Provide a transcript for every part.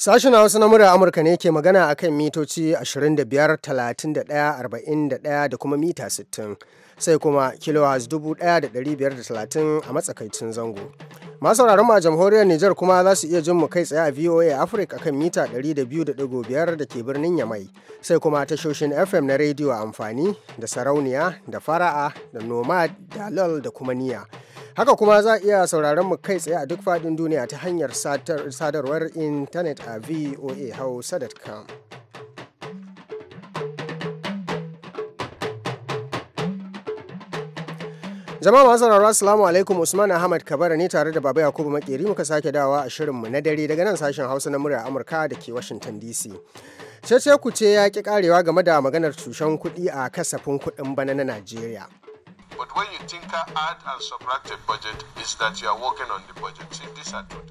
Sashen Hausa na murya Amurka ne ke magana a kan mitoci 25, 31, 41 da kuma mita 60, sai kuma kilowatts 1530 a matsakaicin zango. Masu mu a jamhuriyar Nijar kuma za su iya jin mu kai tsaye a VOA Africa kan mita 200.5 da ke birnin Yamai, sai kuma tashoshin FM na rediyo amfani da sarauniya da fara'a da nomad da lal da kuma niya. Haka kuma za a iya sauraron mu kai tsaye a duk faɗin duniya ta hanyar sadarwar intanet a voahausa.com. Jama'a masu sauraro Assalamu alaikum Usman Ahmad Kabara ne tare da Baba Yakubu Makeri muka sake dawa a shirinmu na dare daga nan sashen Hausa na murya Amurka da ke Washington DC. Cece ku ce ya ƙi karewa game da maganar tushen kuɗi a kasafin kuɗin bana na Najeriya.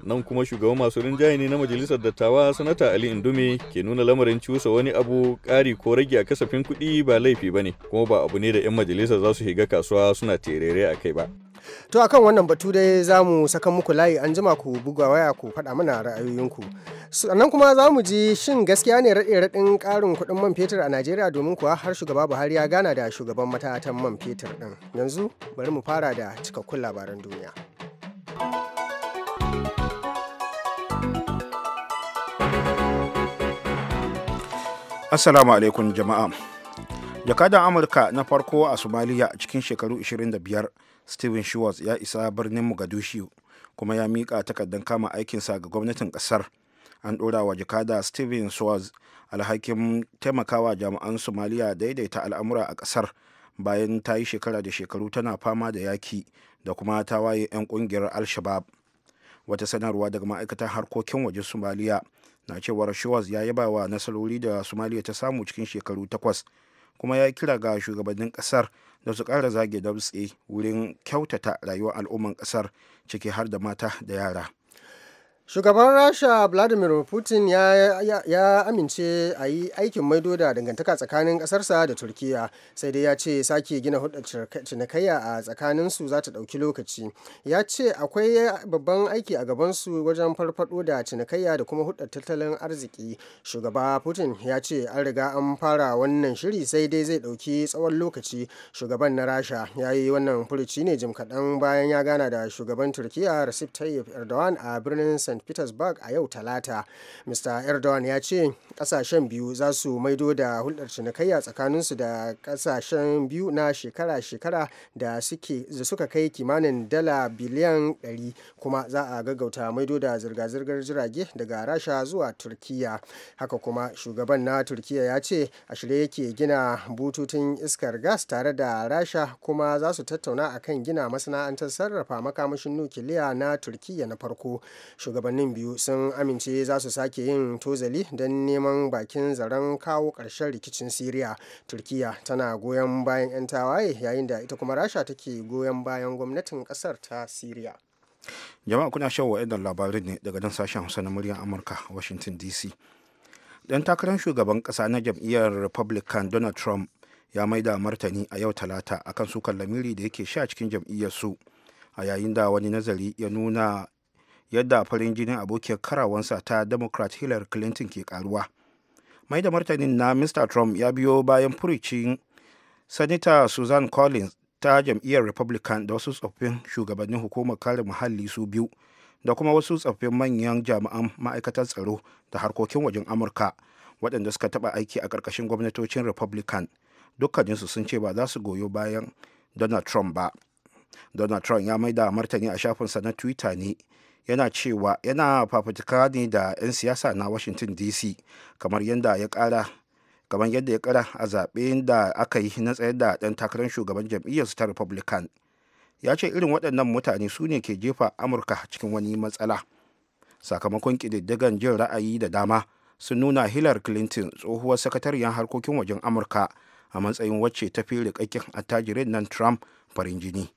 Nan kuma shugaban masu rinjaye ne na majalisar dattawa sanata Ali Indume ke nuna lamarin cusa wani abu ƙari ko rage a kasafin kuɗi ba laifi ba ne, kuma ba abu ne da 'yan majalisar za su shiga kasuwa suna terere a kai ba. To a kan wannan batu dai za mu saka muku layi an jima ku buga waya ku faɗa mana ra'ayoyinku. Sannan kuma za mu ji shin gaskiya ne raɗe raɗin ƙarin kuɗin man fetur a Najeriya domin kuwa har shugaba Buhari ya gana da shugaban matatan man fetur ɗin. Yanzu bari mu fara da cikakkun labaran duniya. Assalamu alaikum jama'a. Jakadan Amurka na farko a Somalia cikin shekaru 25 steven schwartz ya isa birnin mogadishu kuma ya miƙa takardar kama aikinsa ga gwamnatin ƙasar an ɗora wa jakada steven schwartz alhakin taimakawa jami'an somaliya daidaita al'amura a ƙasar bayan ta yi shekara da shekaru tana fama da yaki da kuma ta waye 'yan ƙungiyar al-shabab wata sanarwa daga ma'aikatan harkokin waje somaliya na cewar schwartz ya yaba wa nasarori da somaliya ta samu cikin shekaru takwas kuma ya kira ga shugabannin kasar da su ƙara zage dabtse eh, wurin kyautata rayuwar al'umman kasar ciki har da mata da yara shugaban rasha vladimir putin ya, ya, ya amince a yi aikin maido da dangantaka tsakanin kasarsa da turkiya sai dai ya ce sake gina hudar cinikayya a tsakaninsu za ta ɗauki lokaci ya ce akwai babban aiki a gabansu wajen farfado da cinikayya da kuma hudar tattalin arziki shugaba putin ya ce an riga an fara wannan shiri sai dai zai dauki tsawon lokaci shugaban na rasha ya yi wannan furuci ne jim kaɗan bayan ya gana da shugaban turkiya recep tayyip erdogan a birnin st st petersburg a yau talata mr erdogan ya ce kasashen biyu za su maido da hulɗar cinikayya tsakaninsu da kasashen biyu na shekara-shekara da suka kai kimanin dala biliyan 100 kuma za a gaggauta maido da zirga-zirgar jirage daga rasha zuwa turkiya haka kuma shugaban na turkiya ya ce a shirye yake gina bututun iskar gas tare da rasha kuma za su tattauna akan gina masana'antar sarrafa makamashin nukiliya na turkiya na farko shugaban shugabannin biyu sun amince za su sake yin tozali don neman bakin zaren kawo karshen rikicin siriya turkiya tana goyon bayan 'yan tawaye yayin da ita kuma rasha take goyon bayan gwamnatin ƙasar ta siriya jama'a kuna shan wa'adar labarin ne daga nan sashen hausa na muryar amurka washington dc dan takarar shugaban ƙasa na jam'iyyar republican donald trump ya maida martani a yau talata akan sukan lamiri da yake sha cikin jam'iyyar su a yayin da wani nazari ya nuna yadda farin jinin abokiyar karawansa ta democrat hillary clinton ke karuwa mai da martanin na mr trump ya biyo bayan furucin sanita susan collins ta jam'iyyar republican da wasu tsoffin shugabannin hukumar kare muhalli su biyu da kuma wasu tsoffin manyan jami'an ma'aikatar tsaro da harkokin wajen amurka waɗanda suka taɓa aiki a ƙarƙashin gwamnatocin republican dukkaninsu sun ce ba za su goyo bayan donald trump ba donald trump ya da martani a shafinsa na twitter ne yana cewa yana fafutuka ne da 'yan siyasa na washington dc kamar yadda ya kara kamar yadda ya kara a zaɓen da aka yi na tsayar da ɗan takarar shugaban jam'iyyarsu ta republican ya ce irin waɗannan mutane su ne ke jefa amurka cikin wani matsala sakamakon ƙididdigan jin ra'ayi da dama sun nuna hillary clinton tsohuwar sakatariyar harkokin wajen amurka a matsayin wacce ta fi rikakken attajirin nan trump farin jini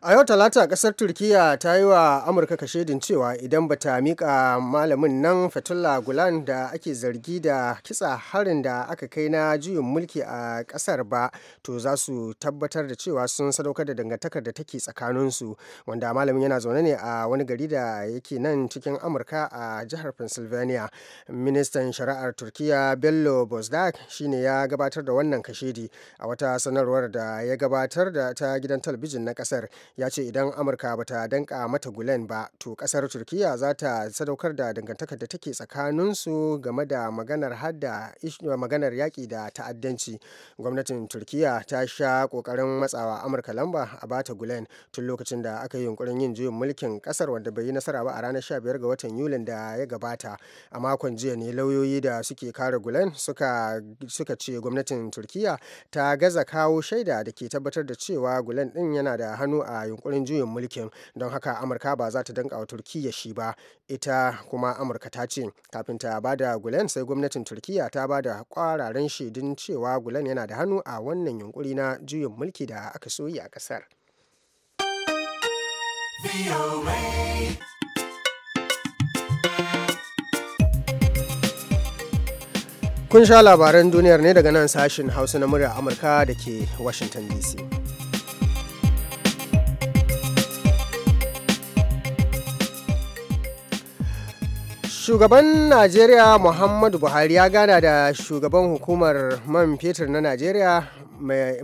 a yau talata kasar turkiya ta yi wa amurka kashedin cewa idan ba ta mika malamin nan fatullah gulan da ake zargi da kitsa harin da aka kai na juyin mulki a kasar ba to za su tabbatar da cewa sun sadaukar da dangantakar da take tsakaninsu wanda malamin yana zaune ne a wani gari da yake nan cikin amurka a jihar pennsylvania ministan shari'ar turkiya bello bozdak shine ya gabatar da wannan kashedi a wata sanarwar da ya gabatar da ta gidan talabijin na kasar ya ce idan amurka bata danka mata gulen ba to kasar turkiya za ta sadaukar da dangantakar da take tsakaninsu game da maganar hada maganar yaƙi da ta'addanci gwamnatin turkiya ta sha ƙoƙarin matsawa amurka lamba a bata gulen tun lokacin da aka yi yunkurin yin juyin mulkin kasar wanda bai yi nasara ba a ranar 15 ga watan yulin da ya gabata a makon jiya ne lauyoyi da suke kare gulen suka suka ce gwamnatin turkiya ta gaza kawo shaida da ke tabbatar da cewa gulen din yana da hannu a a yunkurin juyin mulkin don haka amurka ba za ta danka wa turkiyya shi ba ita kuma amurka ta ce kafin ta ba da gulen sai gwamnatin turkiyya ta ba da kwararen shaidun cewa gulen yana da hannu a wannan yunkuri na juyin mulki da aka soyi a kasar Kun sha labaran duniyar ne daga nan sashin Hausa na murya Amurka da ke Washington DC. Shugaban Najeriya Muhammadu Buhari ya gana da shugaban hukumar man fetur na Najeriya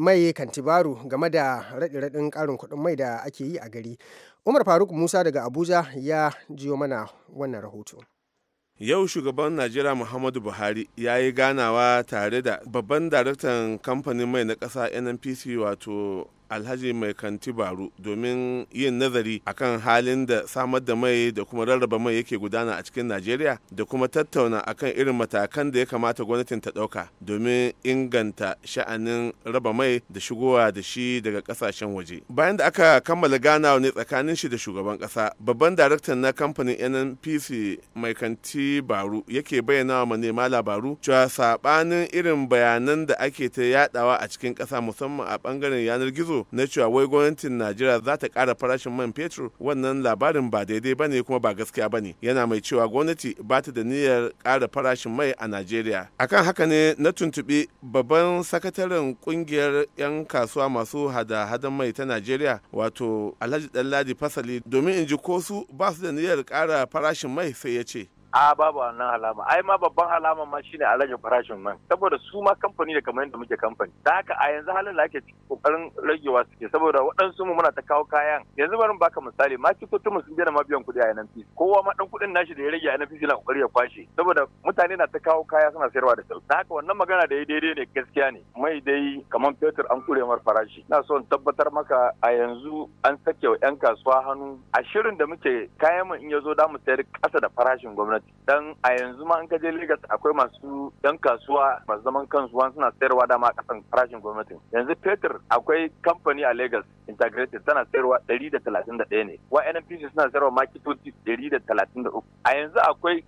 mai kantibaru game da raɗi raɗin ƙarin kuɗin mai da ake yi a gari. Umar Faruk Musa daga Abuja ya jiyo mana wannan rahoto. Yau shugaban Najeriya Muhammadu Buhari ya yi ganawa tare da babban daraktan kamfanin mai na ƙasa NNPC wato alhaji mai kanti baru domin yin nazari akan halin da samar da mai da kuma rarraba mai yake gudana a cikin najeriya da kuma tattauna akan irin matakan da ya kamata gwamnatin ta ɗauka domin inganta sha'anin raba mai da shigowa da shi daga kasashen waje bayan da aka kammala ganawa ne tsakanin shi da shugaban kasa babban daraktan na kamfanin nnpc mai kanti baru yake bayyana wa manema labaru cewa sabanin irin bayanan da ake ta yadawa a cikin kasa musamman a bangaren yanar gizo yanzu na cewa wai gwamnatin najeriya za ta ƙara farashin man fetur wannan labarin ba daidai ba kuma ba gaskiya bane yana mai cewa gwamnati ba ta da niyyar ƙara farashin mai a najeriya akan haka ne na tuntuɓi babban sakataren ƙungiyar 'yan kasuwa masu hada-hadan mai ta najeriya wato alhaji ɗanladi fasali domin in ji ko su ba su da niyyar ƙara farashin mai sai ya ce a babu wannan alama ai ma babban alama ma shine a rage farashin man saboda su ma kamfani da kamar yadda muke kamfani Da haka a yanzu halin da ake kokarin ragewa suke saboda waɗansu mu muna ta kawo kayan yanzu bari baka misali ma kitotin mu sun daina ma biyan kuɗi a NNPC kowa ma dan kuɗin nashi da ya rage a NNPC na kokari ya kwashe saboda mutane na ta kawo kaya suna sayarwa da sauki da haka wannan magana da ya daidai ne gaskiya ne mai dai kamar fetur an kure mar farashi na so tabbatar maka a yanzu an sake wa 'yan kasuwa hannu a shirin da muke kayan mu in ya zo da mu sayar ƙasa da farashin gwamnati dan a yanzu ma an ka je Lagos akwai masu yan kasuwa masu zaman kansu wani suna sayarwa dama kasan farashin gwamnatin yanzu fetur akwai kamfani a Lagos integrated tana sayarwa 131 ne wa NNPC suna sayarwa makitoci 133 a yanzu akwai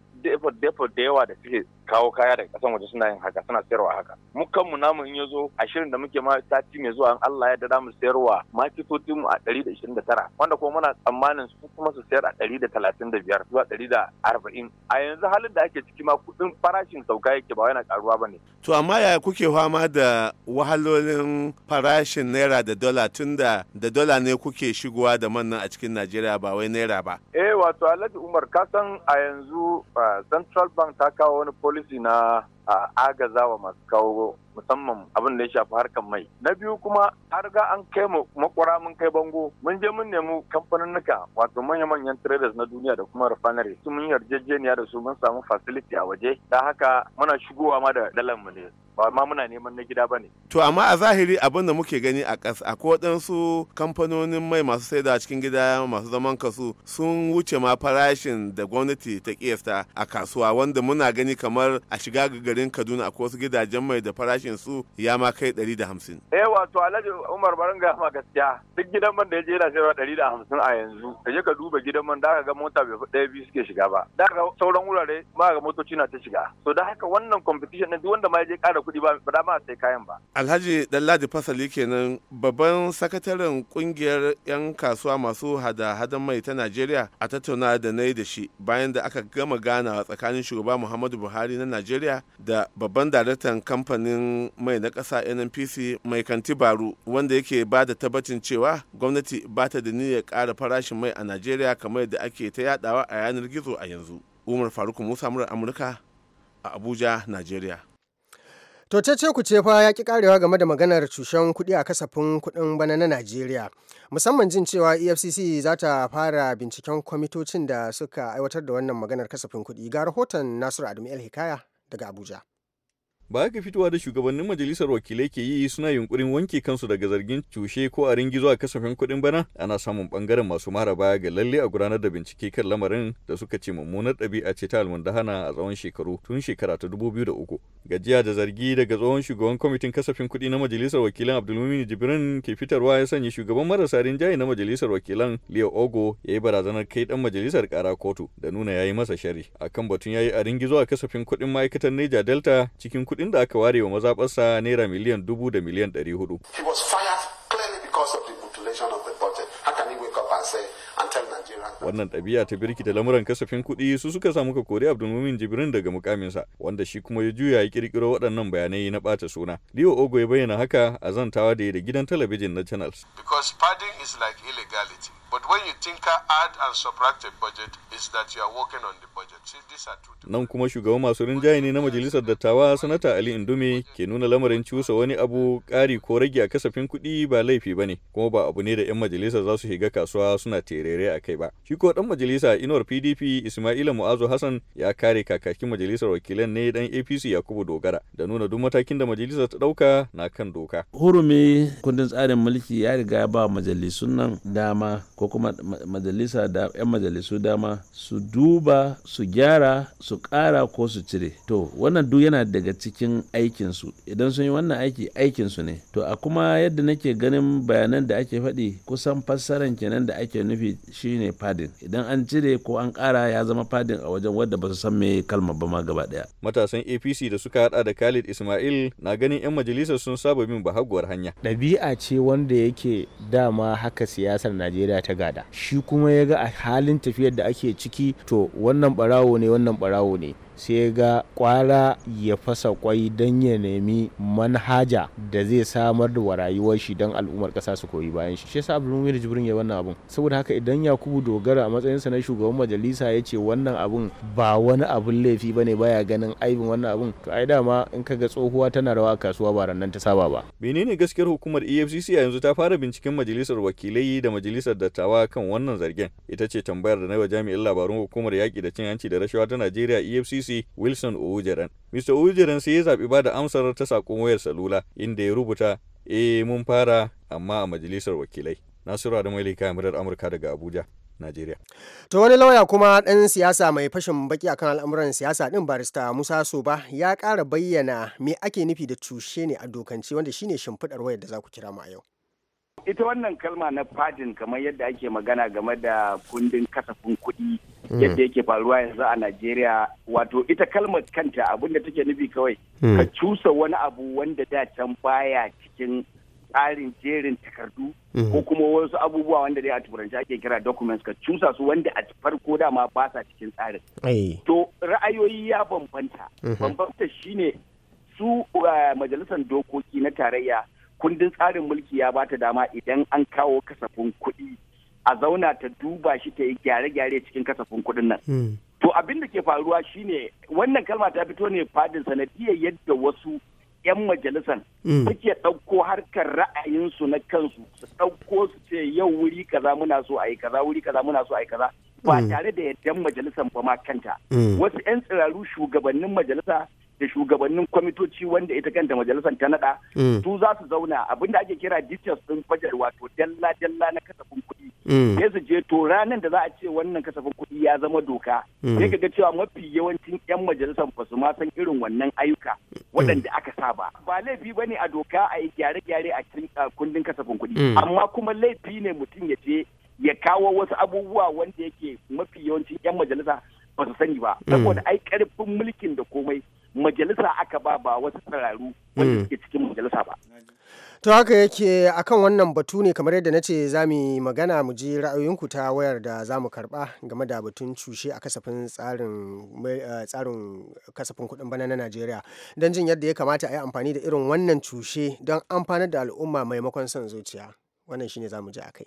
depot da yawa da suke kawo kaya daga kasan waje suna yin haka suna sayarwa haka mu kanmu namu in yazo ashirin da muke ma sati mai zuwa an Allah ya dada mu sayarwa makitotin mu a 129 wanda kuma muna tsammanin su kuma su sayar a 135 zuwa 140 a yanzu halin da ake ciki ma kudin farashin sauka yake ba yana karuwa ba ne. To amma yaya kuke fama da wahalolin farashin naira da dola tun da da dola ne kuke shigowa da man a cikin Najeriya ba wai naira ba. Eh wato Alhaji Umar ka san a yanzu ah, Central Bank ta kawo wani policy na a wa masu kawo musamman abin da ya shafi harkar mai na biyu kuma har ga an kai mu makwara mun kai bango mun je mun nemi kamfaninnika wato manya-manyan traders na duniya da kuma refinery su mun yarjejeniya da su mun samu facility a waje da haka muna shigowa ma da dalar mu ne ba ma muna neman na gida ba ne. To amma a zahiri abin da muke gani a kasa akwai waɗansu kamfanonin mai masu saida a cikin gida masu zaman kasu sun wuce ma farashin da gwamnati ta kiyasta a kasuwa wanda muna gani kamar a shiga gari garin Kaduna akwai wasu gidajen mai da farashin su ya ma kai 150. Eh wato Alhaji Umar Baranga ma gaskiya duk gidan man da ya je yana sayarwa 150 a yanzu. Ka je ka duba gidan man da ga mota bai fi ɗaya biyu suke shiga ba. Da ga sauran wurare ba ga motoci na ta shiga. To da haka wannan competition ne duk wanda ma ya je ƙara kuɗi ba ba da ma sai kayan ba. Alhaji Dallaji Fasali kenan babban sakataren kungiyar 'yan kasuwa masu hada-hadan mai ta Najeriya a tattauna da na yi da shi bayan da aka gama ganawa tsakanin shugaba Muhammadu Buhari na Najeriya da babban daraktan kamfanin mai na ƙasa nnpc mai kanti baru wanda yake ba da tabbacin cewa gwamnati ba ta da niyyar kara farashin mai a najeriya kamar yadda ake ta yadawa a yanar gizo a yanzu umar faruk musa murar amurka a abuja najeriya To cece ku ce fa ya ki karewa game da maganar cushen kuɗi a kasafin kuɗin bana na Najeriya. Musamman jin cewa EFCC za ta fara binciken kwamitocin da suka aiwatar da wannan maganar kasafin kuɗi ga rahoton Nasiru Adamu El Hikaya daga Abuja. ba ka fitowa da shugabannin majalisar wakilai ke yi suna yunkurin wanke kansu daga zargin cushe ko a ringi a kasafin kuɗin bana ana samun bangaren masu mara baya ga lalle a gudanar da bincike kan lamarin da suka ce mummunar ɗabi'a ce ta almundahana a tsawon shekaru tun shekara ta dubu biyu da uku gajiya da zargi daga tsohon shugaban kwamitin kasafin kuɗi na majalisar wakilan abdulmumin jibrin ke fitarwa ya sanya shugaban marasa rinjaye na majalisar wakilan leo ogo ya yi barazanar kai dan majalisar kara kotu da nuna ya yi masa shari a kan batun ya yi a ringi a kasafin kuɗin ma'aikatan neja delta cikin kuɗin da aka ware wa mazaɓarsa naira miliyan dubu da miliyan ɗari hudu. Wannan ɗabi'a ta birki da lamuran kasafin kuɗi su suka samu ka kori Abdulmumin Jibrin daga mukaminsa, wanda shi kuma ya juya ya kirkiro waɗannan bayanai na ɓata suna. Leo Ogo ya bayyana haka a zantawa da da gidan talabijin na Channels. Because padding is like illegality, but when you tinker add and subtract a budget, it's that you are working on the budget. Nan kuma shugaban masu rinjaye ne na majalisar dattawa sanata Ali Indume ke nuna lamarin cusa wani abu ƙari ko rage a kasafin kuɗi ba laifi ba ne kuma ba abu ne da 'yan majalisa za su shiga kasuwa suna terere a kai ba. Shi ko dan majalisa inuwar PDP Ismaila Mu'azu Hassan ya kare kakakin majalisar wakilan ne dan APC Yakubu Dogara da nuna duk matakin da majalisa ta ɗauka na kan doka. Hurumi kundin tsarin mulki ya riga ba majalisun nan dama ko kuma majalisa da 'yan majalisu dama su duba su gyara su ƙara ko su cire to wannan duk yana daga cikin aikinsu idan sun yi wannan aiki aikinsu ne to a kuma yadda nake ganin bayanan da ake faɗi kusan fassaran kenan da ake nufi shine fadin idan an cire ko an ƙara ya zama fadin a wajen wadda ba su san me kalma ba ma gaba ɗaya matasan apc da suka haɗa da khalid ismail na ganin 'yan majalisar sun saba bin bahaguwar hanya ɗabi'a ce wanda yake dama haka siyasar najeriya ta gada shi kuma ya ga a halin tafiyar da ake ciki to wannan ɓarawo ɓarawo ne wannan ɓarawo ne sai ga kwara ya fasa kwai don ya nemi manhaja da zai samar da wa rayuwar shi don al'ummar kasa su koyi bayan shi shi yasa Abdulmumin Jibrin ya wannan abun saboda haka idan Yakubu Dogara a matsayin sa na shugaban majalisa ya ce wannan abun ba wani abun laifi bane baya ganin aibin wannan abun to ai dama in ka ga tsohuwa tana rawa a kasuwa ba nan ta saba ba menene gaskiyar hukumar EFCC a yanzu ta fara binciken majalisar wakilai da majalisar dattawa kan wannan zargen ita ce tambayar da na wa jami'in labarun hukumar yaki da cin hanci da rashawa ta Najeriya EFCC APC Wilson Oujeran. Mr. Oujeran sai ya zaɓi ba da amsar ta sakon wayar salula inda ya rubuta eh mun fara amma a majalisar wakilai. Nasiru Adamu Ali murar Amurka daga Abuja. nigeria. To wani lauya kuma ɗan siyasa mai fashin baki akan al'amuran siyasa ɗin barista Musa Soba ya ƙara bayyana me ake nufi da cushe ne a dokance wanda shine shimfiɗar wayar da za ku kira mu a yau. ita wannan kalma na fadin kamar yadda ake magana game da kundin kasafin kuɗi mm. yadda yake faruwa yanzu a Najeriya wato ita kalmar kanta abin take nufi kawai mm. ka cusa wani abu wanda da can baya cikin tsarin jerin takardu mm. ko kuma wasu abubuwa wanda dai a turanci ake kira documents ka cusa su wanda a farko dama ba sa cikin tsarin eh. to ra'ayoyi ya bambanta mm-hmm. bambanta shine su eh, majalisar dokoki na tarayya kundin tsarin mulki ya ba ta dama idan an kawo kasafin kuɗi a zauna ta duba shi ta yi gyare-gyare cikin kasafin kuɗin nan. Hmm. To abin da ke faruwa shine wannan kalma ta fito ne fadin sanadiyar yadda wasu 'yan majalisan hmm. suke ɗauko harkar ra'ayinsu na kansu su ɗauko su ce yau wuri kaza muna so a yi kaza wuri kaza muna so a yi kaza ba hmm. tare da yadda majalisan ba ma kanta. Wasu 'yan tsiraru shugabannin majalisa da shugabannin kwamitoci wanda ita kanta majalisar ta naɗa mm. su za su zauna abinda ake kira details din fajar wato dalla dalla na kasafin kuɗi mm. sai su je to ranar da za a ce wannan kasafin kuɗi ya zama doka mm. sai ka ga cewa mafi yawancin yan majalisar ba su ma san irin wannan ayyuka waɗanda aka saba ba laifi bane a doka a yi gyare-gyare a cikin kundin kasafin kuɗi amma kuma laifi ne mutum ya je ya kawo wasu abubuwa wanda yake mafi yawancin yan majalisa ba su sani ba saboda ai karfin mulkin da komai majalisa aka ba ba wasu tsiraru wanda mm. suke cikin majalisa ba to haka yake akan wannan batu ne kamar yadda na ce za mu magana mu ji ra'ayoyinku ta wayar da za mu karba game da batun cushe a kasafin eh, tsarin kasafin kuɗin bana na najeriya don jin yadda ya kamata a yi amfani da irin wannan cushe don amfanar da al'umma maimakon son zuciya wannan shine za mu ji a kai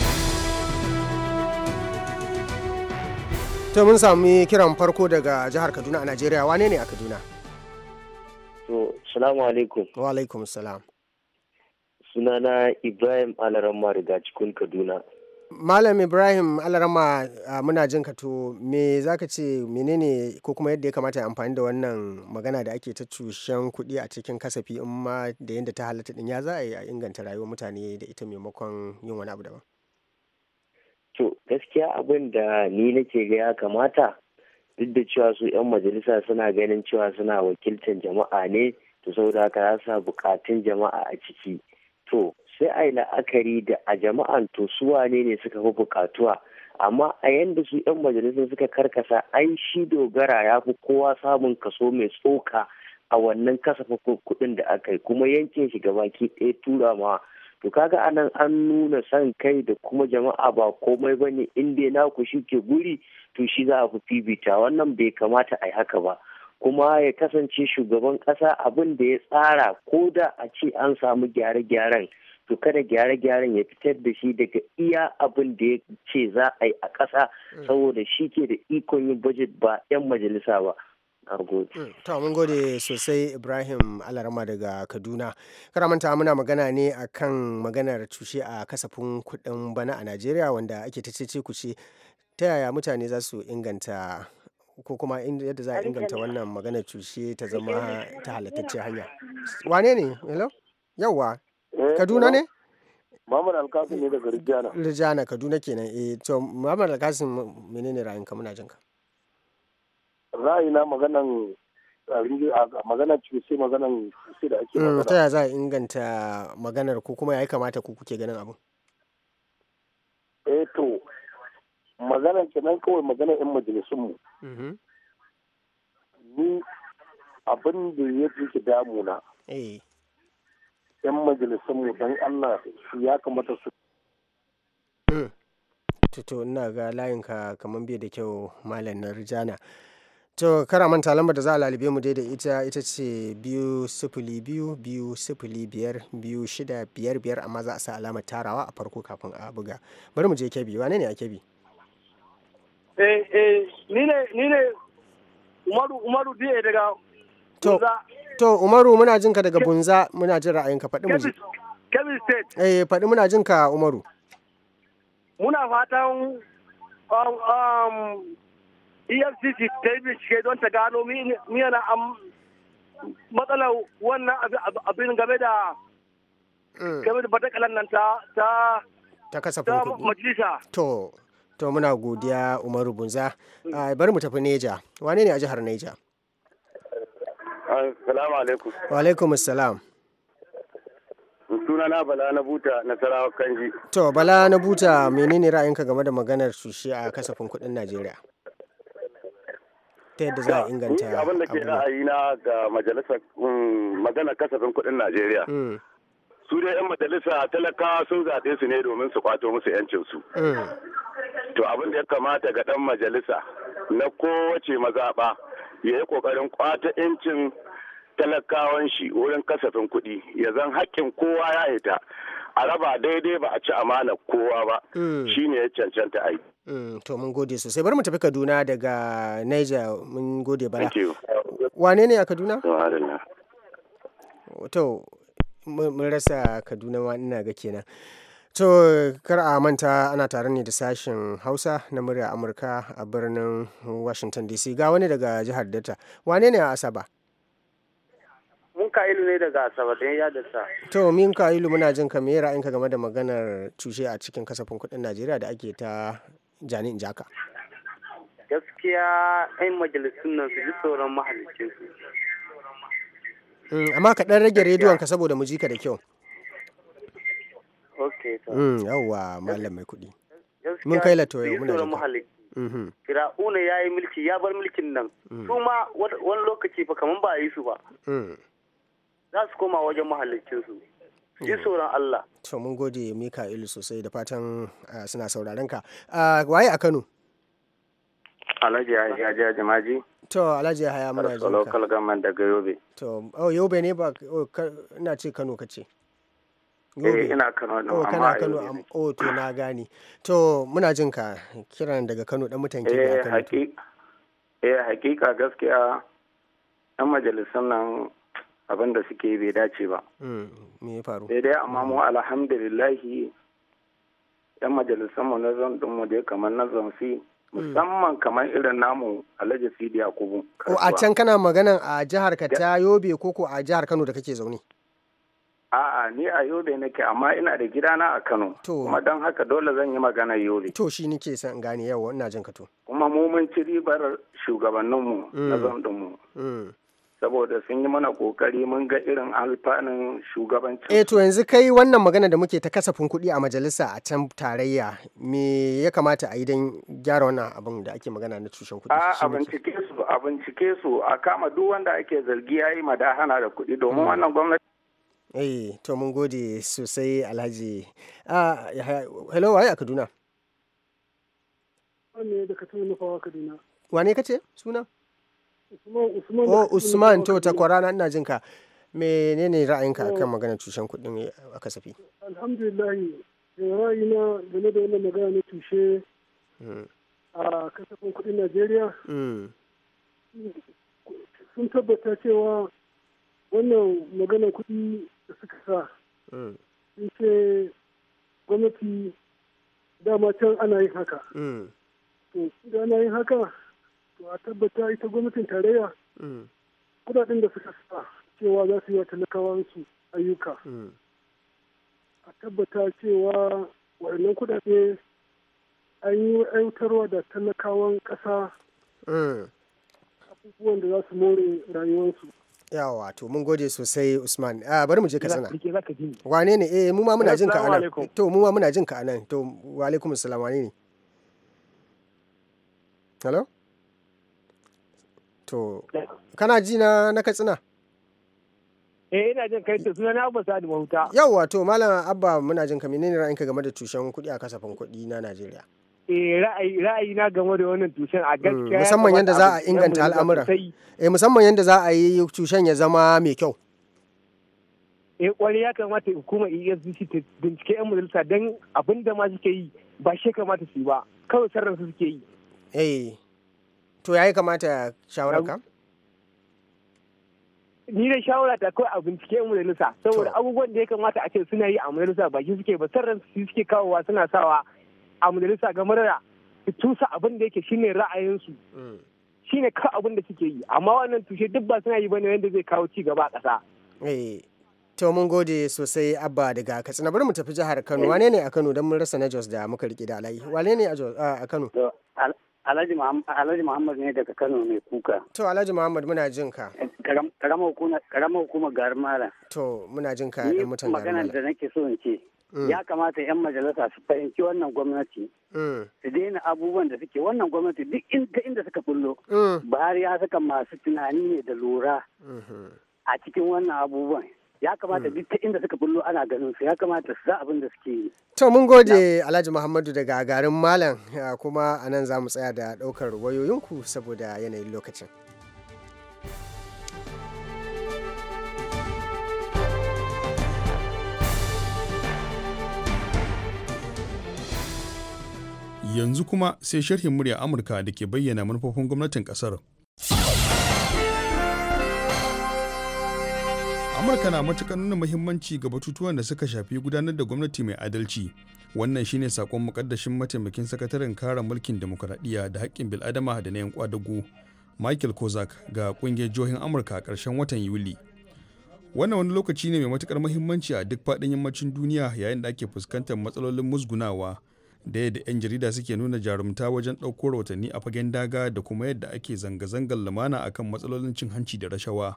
to mun sami kiran farko daga jihar kaduna a najeriya wane ne a kaduna to salamu alaikum wa alaikum salam sunana ibrahim alarama daga cikin kaduna malam ibrahim alarama muna jin ka to me ka ce menene ko kuma yadda ya kamata ya amfani da wannan magana da ake ta cushen kuɗi a cikin kasafi in ma da yadda ta halatta din ya za a yi a inganta rayuwar mutane da ita maimakon yin wani abu daban To gaskiya abin da ni nake ga ya kamata duk da cewa su 'yan majalisa suna ganin cewa suna wakiltar jama'a ne to saboda haka ya sa bukatun jama'a a ciki. To sai a yi la'akari da a jama'an to su wane ne suka fi bukatuwa amma a yanda su 'yan majalisa suka karkasa ai shi dogara ya fi kowa samun kaso mai tsoka a wannan kasafin kuɗin da aka yi kuma yankin shi gabaki ɗaya tura ma to kaga anan an nuna son kai da kuma jama'a ba komai ba ne inda na ku shi ke guri to shi za a fi fifita wannan bai kamata a yi haka ba kuma ya kasance shugaban kasa abin da ya tsara ko da a ce an samu gyare-gyaren to kada gyare-gyaren ya fitar da shi daga iya abin da ya ce za a yi a kasa mm. saboda shi ke da ikon yin budget ba 'yan majalisa ba. Mm, to mun gode sosai Ibrahim Alarama daga Kaduna. Karamanta muna magana ne akan maganar cushe a kasafin kuɗin bana a Najeriya wanda ake ta cece kuce ta yaya mutane za su inganta ko kuma yadda za a inganta wannan maganar cushe ta zama ta halattacce hanya. Wane ne? Hello? Yawwa. Eh, Kaduna ne? Muhammad Alkasim ne daga Rijana. Rijana Kaduna kenan. Eh to Muhammad Alkasim menene ra'ayinka muna jinka? ra'ayina maganan maganar sai maganan sai da ake mm, magana. Ta za a inganta maganar ko kuma ya kamata ku kuke ganin abin? Eh to, maganar kenan kawai maganar 'yan majalisunmu. Mm-hmm. Ni abin da ya fi ki damuna. Eh. 'Yan majalisunmu don Allah su ya kamata su. Tuto, mm. ina ga layinka kamar bai da kyau malam na Rijana. to kara manta lambar da za a lalube mu dai da ita ita ce biyu sifili biyu biyu sifili biyar biyu shida biyar biyar amma za a sa alamar tarawa a farko kafin a buga bari mu je kebi wane ne a kebi eh, eh, ni ne umaru diye daga to to umaru muna jin ka daga bunza muna jin ra'ayinka faɗi mu kebi state eh faɗi muna jin ka umaru muna fatan um, um, efcc ta yi bincike don ta gano miyana matsalar wannan abin game da eh. game da batakalan nan ta ta kasafin majalisa to to muna godiya umaru bunza eh, bari mu tafi neja wane ne a jihar neja Assalamu alaikum. Wa alaikum assalam. Sunana Bala na buta Nasarawa Kanji. To Bala na buta menene ra'ayinka game da maganar shushi a kasafin kuɗin Najeriya? ta yadda za a inganta abin da ke ra'ayina ga majalisa mm, magana kasafin kudin najeriya mm. su dai yan majalisa talaka sun zaɓe su ne domin su kwato musu yancin su mm. to abin da ya kamata ga dan majalisa na kowace mazaɓa ya yi ƙoƙarin kwata yancin talakawan shi wurin kasafin kuɗi ya zan haƙƙin kowa ya hita a raba daidai ba a ci amana kowa ba mm. shine ya cancanta a yi. Mm, to mun gode sosai bari mu tafi kaduna daga niger mun gode bala wane ne a kaduna to mun rasa kaduna ma ina ga kenan to kar a manta ana tare ne da sashen hausa na murya amurka a birnin washington dc ga wani daga jihar delta wane ne a asaba ilu ne daga Asabar da ya dasa. To ilu muna jin ka me ra'ayinka game da maganar cushe a cikin kasafin kuɗin Najeriya da ake ta Janin jaka. Gaskiya ɗan majalisun nan su ji tsoron su. Mm, amma ka ɗan rage rediyon ka saboda mu ji ka da kyau. Ok. Mm, Yawwa malam mai kuɗi. Mun kai la yau muna jin mm-hmm. Fir'auna ya yi mulki ya bar mulkin nan. Mm. Su ma wani lokaci ba kamar ba a yi su ba. za su koma wajen su, ji hmm. tsoron Allah. To mun gode Mika'ilu sosai da fatan suna sauraron ka. Waye a Kano? Alhaji Yahaya jimaji? To Alhaji Yahya, muna jinka. Local government daga Yobe. To oh Yobe ne ba oh, ina ce Kano kace. Eh, Yobe. ina Kano din oh, amma Kano oh to na gane. To muna jin ka kiran daga Kano dan mutan ke eh, Kano. Eh hakika gaskiya dan majalisan nan abin da suke bai dace ba hmm, me ya faru sai dai amma mu alhamdulillahi yan majalisan mu na zon mu dai kamar na zonsi hmm. musamman kamar irin namu alhaji sidi yakubu Ko a can kana maganan a jihar ka ta yobe ko ko a jihar kano da kake zaune A'a ni a Yobe nake amma ina da gidana a Kano. Kuma don haka dole zan yi magana Yobe. To shi nike son gane yawa ina jin ka to. Kuma mu mun ci ribar shugabanninmu na hmm. zamdinmu. saboda sun yi mana kokari mun ga irin alfanun shugabancin. Eh to yanzu kai wannan magana da muke ta kasafin kuɗi a majalisa a can tarayya me ya kamata a yi don gyara wannan abin da ake magana na tushen kuɗi? A bincike su a bincike su a kama duk wanda ake zargi ya yi madahana da kuɗi domin hmm. wannan gwamnati. Eh to mun gode sosai Alhaji. Ah hello waye a Kaduna? Wane ka ce suna? o usman to ta na ina jinka menene ra'ayinka akan oh. maganar tushen kudin a eh, kasafi alhamdulillah eh, ra'ayina game da wannan magana na tushe hmm. a kasafin kudin najeriya hmm. sun tabbata cewa wannan magana kudi da suka sa hmm. sun ce gwamnati dama can ana yin haka to ana yin haka to a tabbata ita gwamnatin tarayya mm. kudaden da suka sa cewa za su yi wa talakawansu ayyuka mm. a tabbata cewa waɗannan kudade an yi aiwatarwa da talakawan ƙasa mm. abubuwan da za su more rayuwarsu yawa to mun gode sosai usman a ah, bari mu je katsina wane ne eh mu ma muna jin ka anan to mu ma muna jin ka anan to wa alaikum assalam wane ne hello To, eh. kana ji na na katsina? Eh ina jin kai to na Abba Sa'ad Mahuta. yau to Malam Abba muna jin ka menene ra'ayinka game da tushen kuɗi a kasafin kuɗi na Najeriya? Eh, ra'ayi na game da wannan tushen a hmm, gaskiya musamman yadda za a inganta al'amuran eh musamman yadda za a yi tushen ya zama mai kyau eh kwari ya kamata hukuma ESDC ta bincike yan majalisa don abin da ma suke yi ba shi kamata su yi ba kawai sarrafa su suke yi eh to ya yi kamata shawararka? ni da shawara ta kawai a bincike da majalisa saboda abubuwan da ya kamata a ce suna yi a majalisa baki suke ba sarran su suke kawowa suna sawa a majalisa game da su tusa abin da yake shine su mm. shine ka abin da suke yi amma wannan tushe duk ba suna yi bane wanda zai kawo ci gaba a ƙasa eh, to mun gode sosai abba daga katsina bari mu tafi jihar kano wane ne a kano don mun rasa na jos da muka riƙe da alai wane ne a kano Alhaji Muhammad ne daga Kano mai kuka. To Alhaji Muhammad muna jin ka. Eh, Karama hukumar garin Malam. To muna jin ka ɗan mutan garin Ni Maganar da nake so in ce. Mm. Ya kamata 'yan majalisa su fahimci wannan gwamnati. Mm. Su daina abubuwan da suke wannan gwamnati duk inda suka bullo. Mm. Bahari ya saka masu tunani ne da lura mm-hmm. a cikin wannan abubuwan. ya kamata mm. duk ta inda suka bullo ana ganin su ya kamata su abin da suke yi. To mun gode Alhaji Muhammadu daga garin Malam kuma a nan za mu tsaya da ɗaukar wayoyinku saboda yanayin lokacin. Yanzu kuma sai sharhin murya Amurka da ke bayyana manufofin gwamnatin ƙasar. amurka na matuƙar nuna muhimmanci ga batutuwan da suka shafi gudanar da gwamnati mai adalci wannan shine sakon mukaddashin mataimakin sakataren kare mulkin demokuraɗiyya da haƙƙin bil'adama da na yan kwadago michael kozak ga ƙungiyar jihohin amurka a ƙarshen watan yuli wannan wani lokaci ne mai matuƙar muhimmanci a duk faɗin yammacin duniya yayin da ake fuskantar matsalolin musgunawa da yadda 'yan jarida suke nuna jarumta wajen ɗauko rahotanni a fagen daga da kuma yadda ake zanga-zangar lumana akan matsalolin cin hanci da rashawa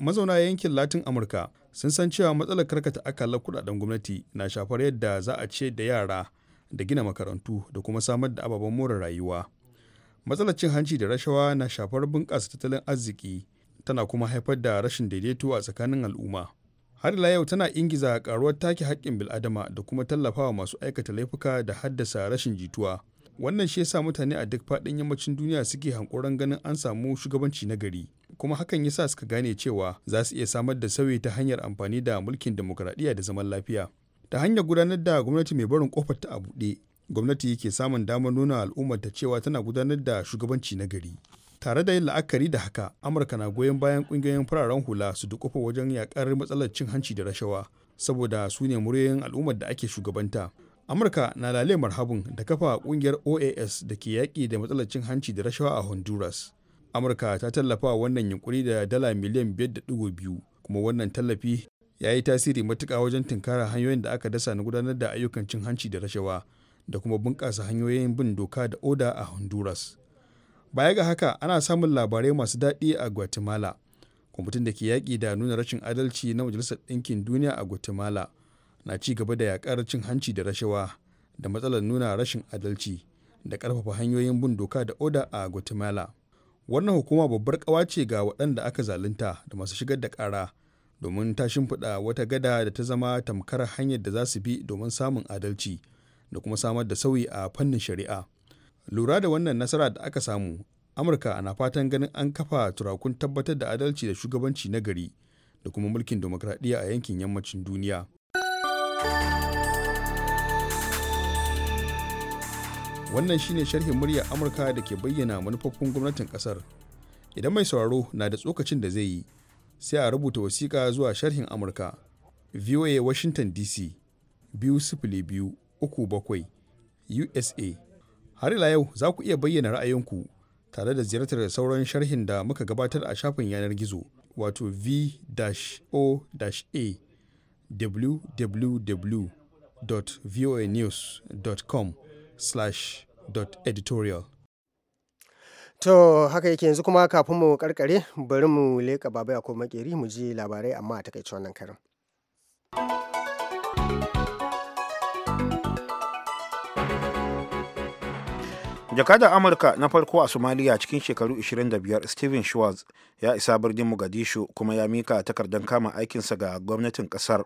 mazauna yankin latin amurka sun san cewa matsalar karkata akalar kudaden gwamnati na shafar yadda za a ce da yara da gina makarantu da kuma samar da ababen more rayuwa matsalar cin hanci da rashawa na shafar bunƙasa tattalin arziki tana kuma haifar da rashin daidaito a tsakanin al'umma har ila yau tana ingiza karuwar take haƙƙin bil'adama da kuma tallafawa masu aikata laifuka da haddasa rashin jituwa wannan shi yasa mutane a duk faɗin yammacin duniya suke hankoron ganin an samu shugabanci na gari kuma hakan ya sa suka gane cewa za su iya samar da sauyi ta hanyar amfani da mulkin demokuraɗiyya da zaman lafiya ta hanyar gudanar da gwamnati mai barin kofar ta a buɗe gwamnati yake samun damar nuna al'ummar ta cewa tana gudanar da shugabanci na gari tare da yin la'akari da haka amurka na goyon bayan ƙungiyoyin fararen hula su dukufa wajen yakar matsalar cin hanci da rashawa saboda su ne muryoyin al'ummar da ake shugabanta amurka na lale marhabin da kafa ƙungiyar oas da ke yaƙi da matsalar cin hanci da rashawa a honduras amurka ta tallafa wa wannan yunkuri da dala miliyan 5.2 kuma wannan tallafi ya yi tasiri matuka wajen tunkara hanyoyin da aka dasa na gudanar da ayyukan cin hanci da rashawa da kuma bunƙasa hanyoyin bin doka da oda a honduras baya ga haka ana samun labarai masu daɗi a guatemala kwamitin da ke yaƙi da nuna rashin adalci na majalisar ɗinkin duniya a guatemala na ci gaba da yaƙar cin hanci da rashawa da matsalar nuna rashin adalci da ƙarfafa hanyoyin bin doka da oda a guatemala wannan hukuma babbar kawa ce ga waɗanda aka zalunta da masu shigar da ƙara domin ta shimfiɗa wata gada da ta zama tamkar hanyar da za su bi domin samun adalci da kuma samar da sauyi a fannin shari'a lura da wannan nasara da aka samu amurka na fatan ganin an kafa turakun tabbatar da adalci da shugabanci na gari da kuma mulkin demokradiyya a yankin yammacin duniya wannan shine sharhin muryar amurka da ke bayyana manufofin gwamnatin kasar idan mai sauraro na da tsokacin da zai yi sai a rubuta wasiƙa zuwa sharhin amurka voa washington dc biyu usa har ila yau za ku iya bayyana ra'ayinku tare da ziyartar sauran sharhin da muka gabatar a shafin yanar gizo wato v-o-a www.voanews.com slash dot editorial. To haka yake yanzu kuma kafin mu karkare bari mu leƙa babaya ya kuma makeri mu ji labarai amma a takaice wannan karin. jakadar amurka na farko a somalia cikin shekaru 25 steven schwartz ya isa birnin mogadishu kuma ya mika takardar kama aikinsa ga gwamnatin kasar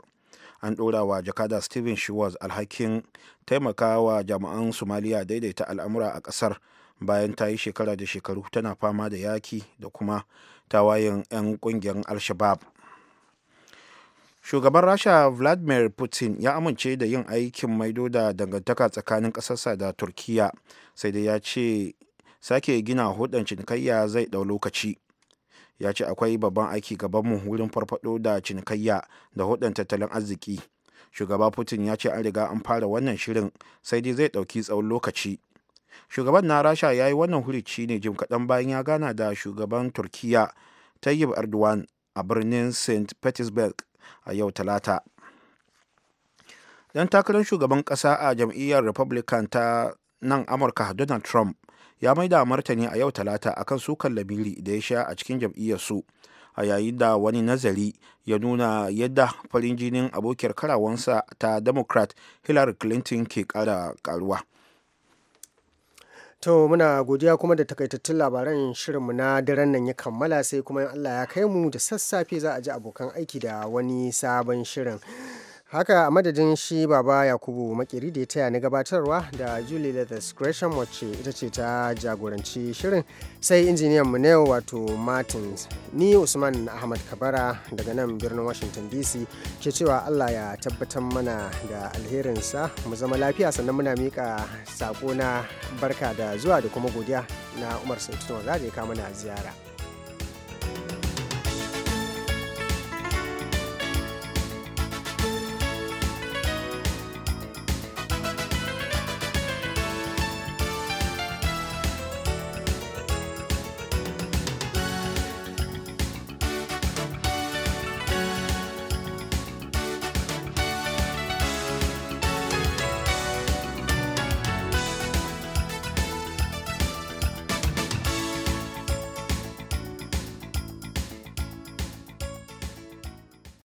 an ɗora wa jakada steven shewars alhakin taimakawa jama'an somaliya daidaita al'amura a ƙasar bayan ta yi shekara da shekaru tana fama da yaki da kuma tawayen 'yan ƙungiyar al-shabab shugaban rasha vladimir putin ya amince da yin aikin maido da dangantaka tsakanin ƙasarsa da turkiya sai dai ya ce sake gina hudun cinikayya zai ɗau lokaci ya ce akwai babban aiki gabanmu wurin farfado da cinikayya da hudun tattalin arziki shugaba putin ya ce an riga an fara wannan shirin sai dai zai ɗauki tsawon lokaci shugaban na rasha ya yi wannan hurici ne jim kaɗan bayan ya gana da shugaban turkiya tayyip erdogan a birnin st petersburg a yau talata dan takarar shugaban ƙasa a jam'iyyar republican ta nan amurka donald trump ya maida martani a yau talata akan sukan lamiri da ya sha a cikin jam'iyyarsu a yayin da wani nazari ya nuna yadda farin jinin abokiyar karawansa ta democrat hillary clinton ke kara karuwa To muna godiya kuma da takaitattun labaran shirinmu na daren nan ya kammala sai kuma in Allah ya kai mu da sassafe za a ji abokan aiki da wani sabon shirin. haka a madadin shi baba yakubu makiri da ya taya na gabatarwa da julie leathers gresham wacce ita ce ta jagoranci shirin sai injiniyan mu neo wato martins ni usman ahmad kabara daga nan birnin washington dc ke cewa allah ya tabbatar mana da alherinsa mu zama lafiya sannan muna miƙa sako na barka da zuwa da kuma godiya na umar sai da za kama na ziyara